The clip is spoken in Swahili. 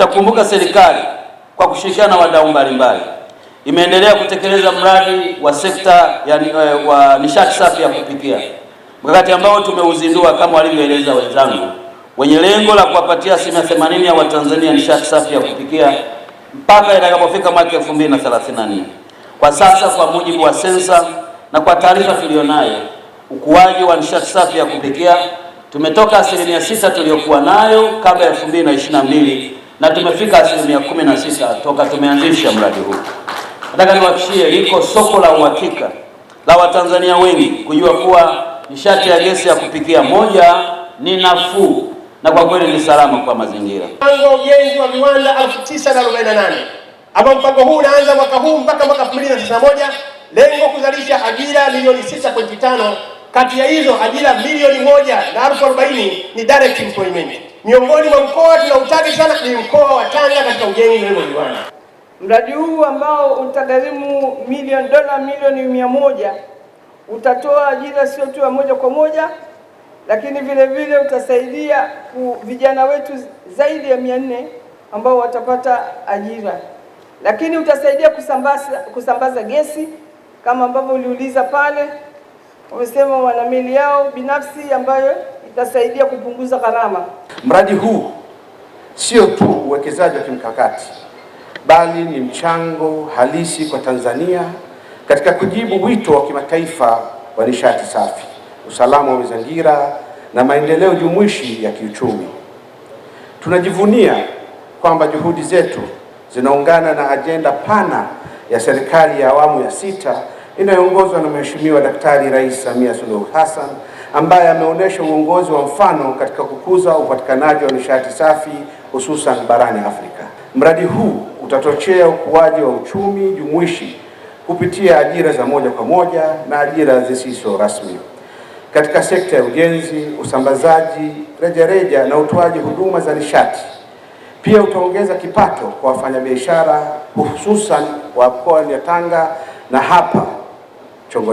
Mtakumbuka serikali kwa kushirikiana na wadau mbalimbali imeendelea kutekeleza mradi wa sekta ya, eh, wa nishati safi ya kupikia, mkakati ambao tumeuzindua kama walivyoeleza wenzangu, wenye lengo la kuwapatia asilimia themanini ya Watanzania nishati safi ya kupikia mpaka itakapofika mwaka 2034. Kwa sasa, kwa mujibu wa sensa na kwa taarifa tuliyonayo, ukuaji wa nishati safi ya kupikia tumetoka asilimia sita tuliyokuwa nayo kabla ya 2022 na tumefika asilimia kumi na sita toka tumeanzisha mradi huu. Nataka niwahakikishie, liko soko la uhakika la Watanzania wengi kujua kuwa nishati ya gesi ya kupikia moja ni nafuu na kwa kweli ni salama kwa mazingira. Mpango wa ujenzi wa viwanda ambao mpango huu unaanza mwaka huu mpaka mwaka moja lengo kuzalisha ajira milioni 6.5, kati ya hizo ajira milioni moja na elfu arobaini ni direct employment miongoni mwa mkoa tunautaja sana ni mkoa wa Tanga katika ujenzi wa viwanda. Mradi huu ambao utagharimu milioni dola milioni mia moja utatoa ajira sio tu ya moja kwa moja, lakini vile vile utasaidia vijana wetu zaidi ya mia nne ambao watapata ajira, lakini utasaidia kusambaza, kusambaza gesi kama ambavyo uliuliza pale, wamesema wana meli yao binafsi ambayo itasaidia kupunguza gharama. Mradi huu sio tu uwekezaji wa kimkakati, bali ni mchango halisi kwa Tanzania katika kujibu wito wa kimataifa wa nishati safi, usalama wa mazingira na maendeleo jumuishi ya kiuchumi. Tunajivunia kwamba juhudi zetu zinaungana na ajenda pana ya serikali ya awamu ya sita inayoongozwa na Mheshimiwa Daktari Rais Samia Suluhu Hassan ambaye ameonyesha uongozi wa mfano katika kukuza upatikanaji wa nishati safi hususan barani Afrika. Mradi huu utachochea ukuaji wa uchumi jumuishi kupitia ajira za moja kwa moja na ajira zisizo rasmi katika sekta ya ujenzi, usambazaji rejareja na utoaji huduma za nishati. Pia utaongeza kipato kwa wafanyabiashara hususan wa mkoa wa Tanga na hapa